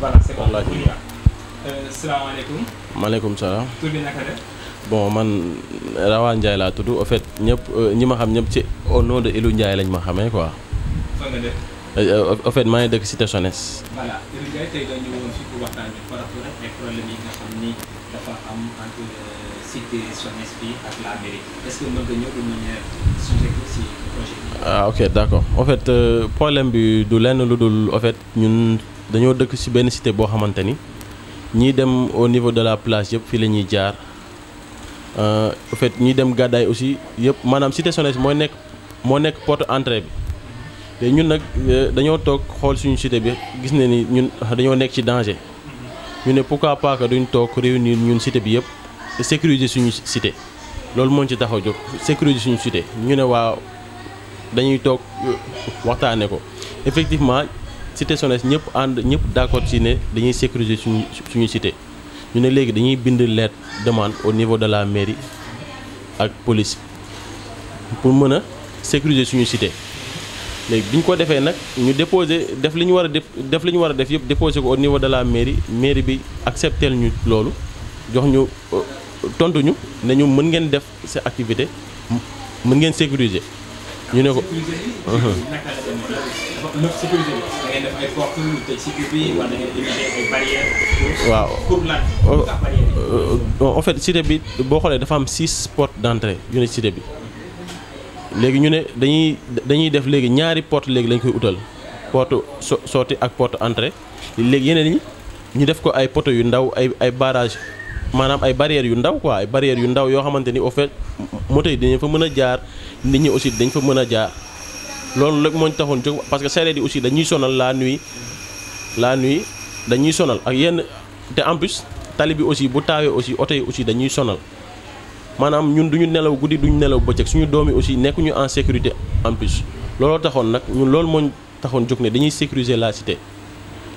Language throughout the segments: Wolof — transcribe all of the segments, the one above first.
voilà c'est bon euh, salaamaaleykum. maaleykum salaam. tur bi naka la. bon man Rawane Ndiaye laa tudd en fait ñëpp euh, ñi ma xam ñëpp ci au nom de Ilu Ndiaye lañ ma xamee quoi. fan nga dëkk. en euh, fait maa ngi dëkk Cité Sonès. voilà Ilu Ndiaye tey nga ñëwoon fii pour waxtaan bi par rapport ak ay problèmes yi nga xam ni dafa am entre Cité Sonès bi ak la mairie est-ce que mën nga ñëw pour mën a sujet bi si projet bi. ah ok d'accord en fait problème bi du lenn lu dul en fait ñun. dañoo dëkk ci benn cité boo xamante ni ñiy dem au niveau de la plage yëpp fii la ñuy jaar en euh, fait ñiy dem gàddaay aussi yëpp maanaam cité SONES mooy nekk moo nekk porte entrée bi te ñun nag euh, dañoo toog xool suñu cité bi gis ne ni ñun dañoo nekk ci danger ñu ne pourquoi pas que duñ toog réunir ñun cité bi yëpp sécuriser suñu cité loolu moo ci tax a jóg sécuriser suñu cité ñu ne waa dañuy toog euh, waxtaanee ko effectivement. cité SONES ñëpp and ñëpp d'accord ci ne dañuy sécuriser suñu une cité ñu ne léegi dañuy bind lettre demande au niveau de la mairie ak police pour mën a sécuriser suñu cité léegi bi ñu ko defee nag ñu déposer def li ñu war def li def déposer ko au niveau de la mairie mairie bi accepter ñu loolu jox ñu euh, tontuñu ne ñu nous ngeen def ces activité mën ngeen sécuriser ñu ne ko. waaw uh, uh, en fait cité bi boo xoolee dafa am six portes d'entrée yu ne cité bi léegi ñu ne dañuy dañuy def léegi ñaari porte léegi lañ koy utal porte sorti ak porte entrée léegi yeneen ñi ñu def ko ay poteaux yu ndaw ay ay barrage maanaam ay barrières yu ndaw quoi ay barrières yu ndaw yoo xamante ni au fait moto yi dañu fa mën a jaar nit ñi aussi dañ fa mën a jaar loolu lépp mooñ taxoon jóg parce que sareet yi aussi dañuy sonal laa nuit la nuit dañuy sonal ak yenn te en plus tali bi aussi bu taawee aussi oto aussi dañuy sonal maanaam ñun duñu nelaw guddi duñu nelaw bëccëg suñu doomi aussi nekkuñu en sécurité en plus looloo taxoon nag ñun loolu moo taxoon jóg ne dañuy sécuriser la cité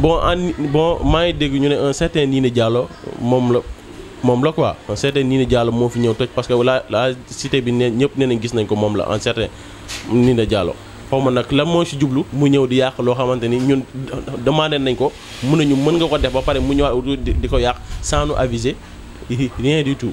bon en bon maa ngi dégg ñu ne un certain Nini Diallo moom la moom la quoi un certain Nini Diallo moo fi ñëw toj parce que la la cité bi ne ñëpp nee nañ gis nañ ko moom la un certain nii Diallo xaw ma nag lan moo ci jublu mu ñëw di yàq loo xamante ni ñun demande nañ ko mun nañu mën nga ko def ba pare mu ñëwaat di ko yàq sans nous aviser rien di tout.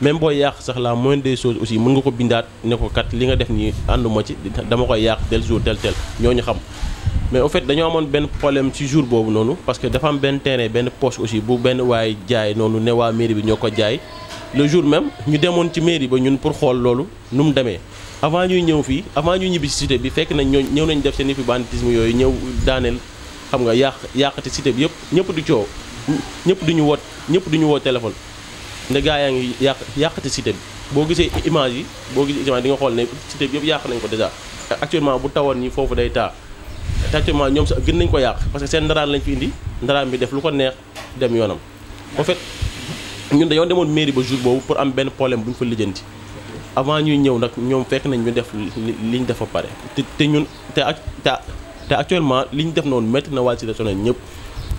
même boo yàq sax la moindre des choses aussi mën nga ko bindaat ne ko kat li nga def nii ànduma ci dama koy yàq tel jour tel tel ñooñu xam mais au fait dañoo benn problème ci jour boobu noonu parce que dafa am benn terrain benn poche aussi bu benn waay jaay noonu ne waa mairie bi ñoo ko jaay le jour même ñu demoon ci mairie ba ñun pour xool loolu nu mu demee avant ñuy ñëw fii avant ñuy ñibbi ci cité bi fekk nañ ñoo ñëw nañ def seen i fi banditisme yooyu ñëw daaneel xam nga yàq yàqati cité bi yëpp ñëpp du coow ñëpp du ñu woo ñëpp du ñu woo téléphone ne yaa ngi yàq yàq te cité bi boo gisee image yi boo gisee image di nga xool ne cité bi yëpp yàq nañ ko déjà actuellement bu tawoon nii foofu day taa te actuellement ñoom sax gën nañ ko yàq parce que seen ndaraan lañ fi indi ndaraan bi def lu ko neex dem yoonam boo fait ñun dañoo demoon mairie ba jour boobu pour am benn problème bu ñu fa lijjanti avant ñuy ñëw nag ñoom fekk nañ ñu def liñ def ba pare te te ñun te te actuellement liñ def noonu métti na waa ci la sonal ñëpp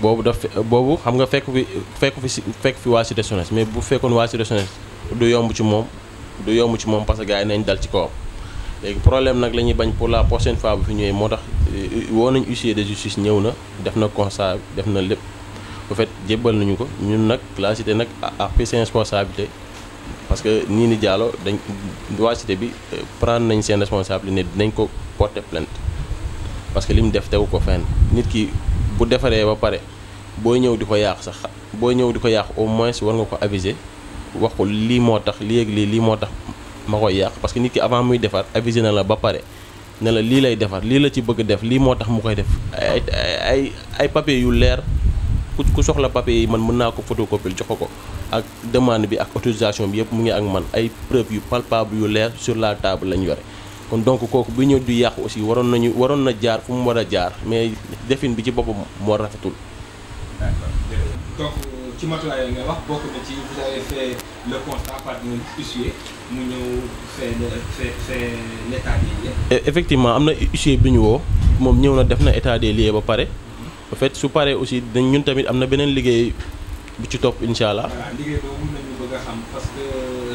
boobu daf boobu xam nga fekk fi fekk fi si fekk fi waa Cité SONES mais bu fekkoon waa Cité SONES du yomb ci moom du yomb ci moom parce que gars yi nañ dal ci kawam léegi problème nag la ñuy bañ pour la prochaine fois bu fi ñëwee moo tax euh, woo nañ huissier de justice ñëw na def na constat def na lépp bu fait jébbal nañu ko ñun nag la nag a ak seen responsabilité parce que nii ni jaalo dañ waa Cité bi euh, prendre nañ seen responsabilité ne dinañ ko porter plainte parce que li mu def tegu ko fenn nit ki. bu defaree ba pare boo ñëw di ko yàq sax boo ñëw di ko yàq au moins war nga ko aviser wax ko lii moo tax lii ak lii lii moo tax ma koy yàq parce que nit ki avant muy defar aviser na la ba pare ne la lii lay defar lii la ci bëgg def lii moo tax mu koy def ay ay ay yu leer ku ku soxla papier yi man mën naa ko photocopier jox ko ak demande bi ak autorisation bi yëpp mu ngi ak man ay preuve yu palpable yu leer sur la table lañ yore. kon donc kooku bi ñëw di yàqu aussi waroon nañu waroon na jaar fu mu war a jaar mais defin bi ci boppam moo rafetul. ci matalaay wax bokk mu ñëw fait e, effectivement am na huissier bi ñu woo moom ñëw na def na état des lieux ba pare. Mhm. en fait su paree aussi dañ ñun tamit am na beneen liggéey bu ci topp incha allah. voilà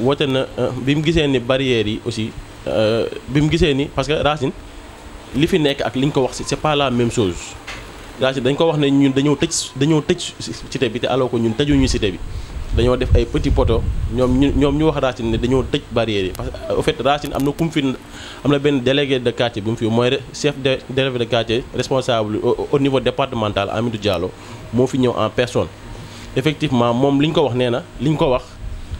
woote na euh, bi mu gisee ni barrières yi aussi euh, bi mu gisee ni parce que Racine li fi nekk ak li ñu ko wax c'est pas la même chose Racine dañ ko wax ne ñun dañoo tëj dañoo tëj cité bi te alors que ñun tëjuñu cité bi dañoo def ay petit poto ñoom ñu ñoom ñu wax Racine ne dañoo tëj barrières yi parce que au fait Racine am na ku mu fi am na benn délégué de quartier bu mu fi mooy chef de délégué de quartier responsable au niveau départemental Amidou Diallo moo fi ñëw en personne effectivement moom li ñu ko wax nee na li ñu ko wax.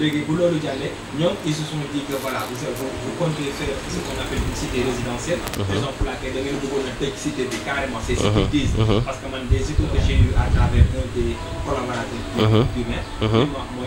les bu de jàllee ils se sont dit que voilà vous vous comptez faire ce qu'on appelle une cité résidentielle. Uh-huh. raison pour laquelle da ngeen de a cité bi carrément. c'est ce uh-huh. qu'ils disent. Uh-huh. parce que même des études que j'ai eu à travers un des collaborateurs. du maire. li mu wax moi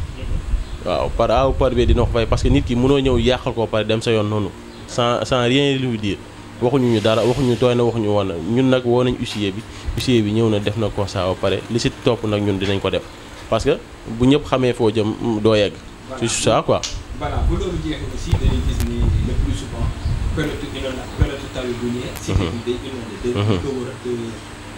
waaw par A ou par dina ko fay parce que nit ki mënoo ñëw yàqal ko pare dem sa yoon noonu sans sans rien lui dire waxuñu ñu dara waxuñu tooy na waxuñu woon na ñun nag woo nañ huissier bi huissier bi ñëw na def na constat ba pare li si topp nag ñun dinañ ko def parce que bu ñëpp xamee foo jëm mm, doo yegg. voilà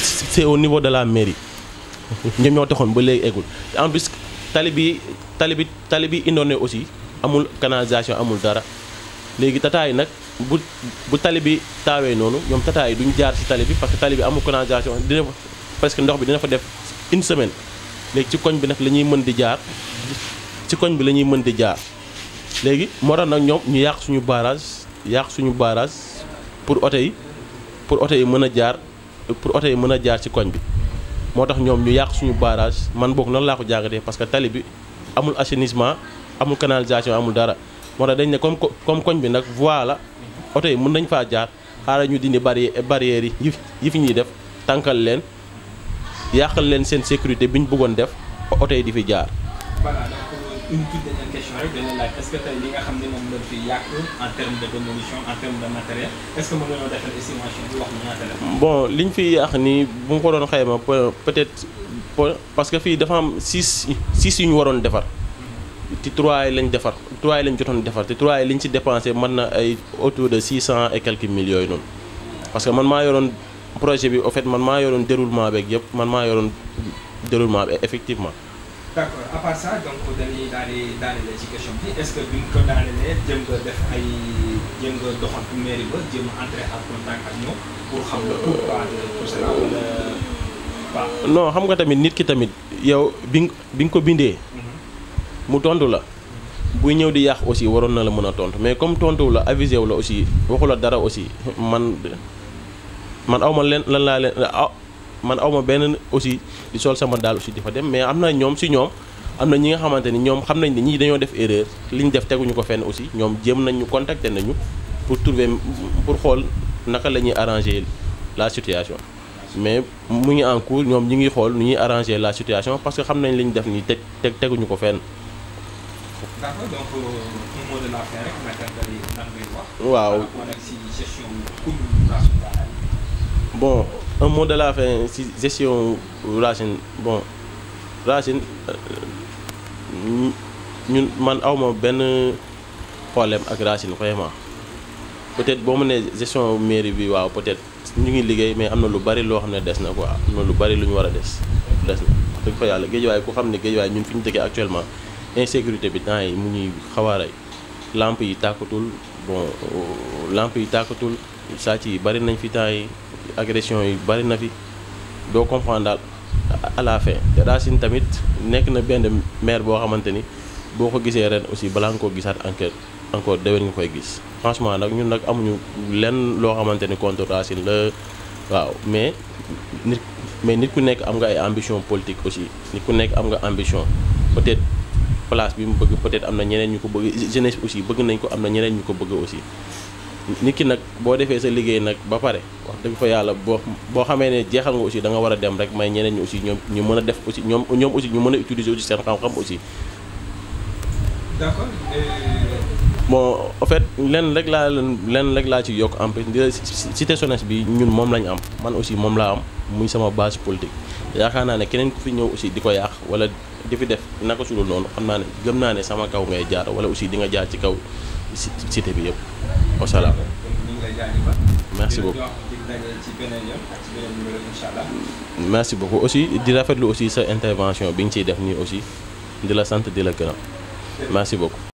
c'est au niveau de la mairie ñoom ñoo taxoon ba léegi eggul en plus tali bi tali bi tali bi aussi amul canalisation amul dara léegi tataay nag bu bu tali bi taawee noonu ñoom tataay duñ jaar ci tali bi parce que tali bi amul canalisation dina presque ndox bi dina fa def une semaine léegi ci koñ bi nag la ñuy mën di jaar ci koñ bi la ñuy mën di jaar léegi moo tax nag ñoom ñu yàq suñu barrage yàq suñu barrage pour oto yi pour oto yi mën a jaar pour oto yi mën a jaar ci koñ bi moo tax ñoom ñu yàq suñu barrage man boog noonu laa ko jàngatee parce que tali bi amul assainissement amul canalisation amul dara moo tax dañ ne comme comme koñ bi nag voilà oto yi mën nañ faa jaar xaaral ñu dindi barri barrières yi yi fi ñuy def tànkal leen yàqal leen seen sécurité bi ñu bëggoon def oto yi di fi jaar. une toute dernière question rek dañu laaj est-ce que tey li nga xam ne moom lañ fi yàq en terme de démolition en terme de matériel est-ce que mën nañoo defal estimation bi wax ñaata la. bon liñ fi yàq nii bu ko doon xayma peut-être parce que fii dafa am six six yu ñu waroon defar. te trois yi lañ defar trois yi lañ jotoon defar te trois yi liñ ci dépensé mën na ay autour de six cent et quelques mille yooyu noonu. parce que man maa yoroon projet bi au fait man maa yoroon déroulement beeg yëpp man maa yoroon déroulement bi effectivement. d' accord à part ça donc dañuy xam nga tamit nit ki tamit yow bi bi nga ko bindee. Mhm. mu tontu la. buy ñëw di yàq aussi waroon na la mën a tontu mais comme tontuwu la avisé la aussi waxu la dara aussi man man aw leen lan laa leen ah, man awma benn aussi di sol sama daal aussi di fa dem mais am na ñoom si ñoom am na ñi nga xamante ni ñoom xam nañ ne ñii dañoo def erreur li ñu def teguñu ko fenn aussi ñoom jëm nañ ñu contacter nañu pour trouver pour xool naka la ñuy arranger la situation mais mu ngi en cours ñoom ñi ngi xool nu ñuy arranger la situation parce que xam nañ li ñu def nii teg teg teguñu ko fenn. d'accord euh, waaw un mot de la fin si gestion Racine bon Racine euh, ñun man ben problème ak Racine vraiment peut-être si la gestion mairie bi peut-être ñu ngi liggéey mais de na lu bari des na quoi avons lu bari lu a des des na dëgg actuellement insécurité bi temps mu lampes bon sàcc yi bari nañ fi temps yi agression yi bari na fi doo comprendre daal à la fin te Racine tamit nekk na benn maire boo xamante ni boo ko gisee ren aussi balaa nga koo gisaat enquête encore déwén koy gis franchement nag ñun nag amuñu lenn loo xamante ni contre Racine la waaw mais nit mais nit ku nekk am nga ay ambition politique aussi nit ku nekk am nga ambition peut-être place bi mu bëgg peut-être am na ñeneen ñu ko bëgg jeunesse aussi bëgg nañ ko am na ñeneen ñu ko bëgg aussi nit ki nag boo defee sa liggéey nag ba pare wax dëgg fa yàlla boo boo xamee ne jeexal nga aussi da nga war a dem rek may ñeneen ñi aussi ñoom ñu mën a def aussi ñoom ñoom aussi ñu mën a utiliser aussi seen xam-xam aussi. d'accord. rek laa leen lenn rek laa ci yokk en plus cité SONES bi ñun moom lañ am man aussi moom laa am muy sama base politique yaakaar naa ne keneen ku fi ñëw aussi di ko yàq wala di fi def naka su noonu xam naa ne gëm naa ne sama kaw ngay jaar wala aussi di nga jaar ci kaw cité bi yëpp. wa merci beaucoup. merci beaucoup aussi di rafetlu aussi sa intervention bi aussi de la santé de la merci beaucoup.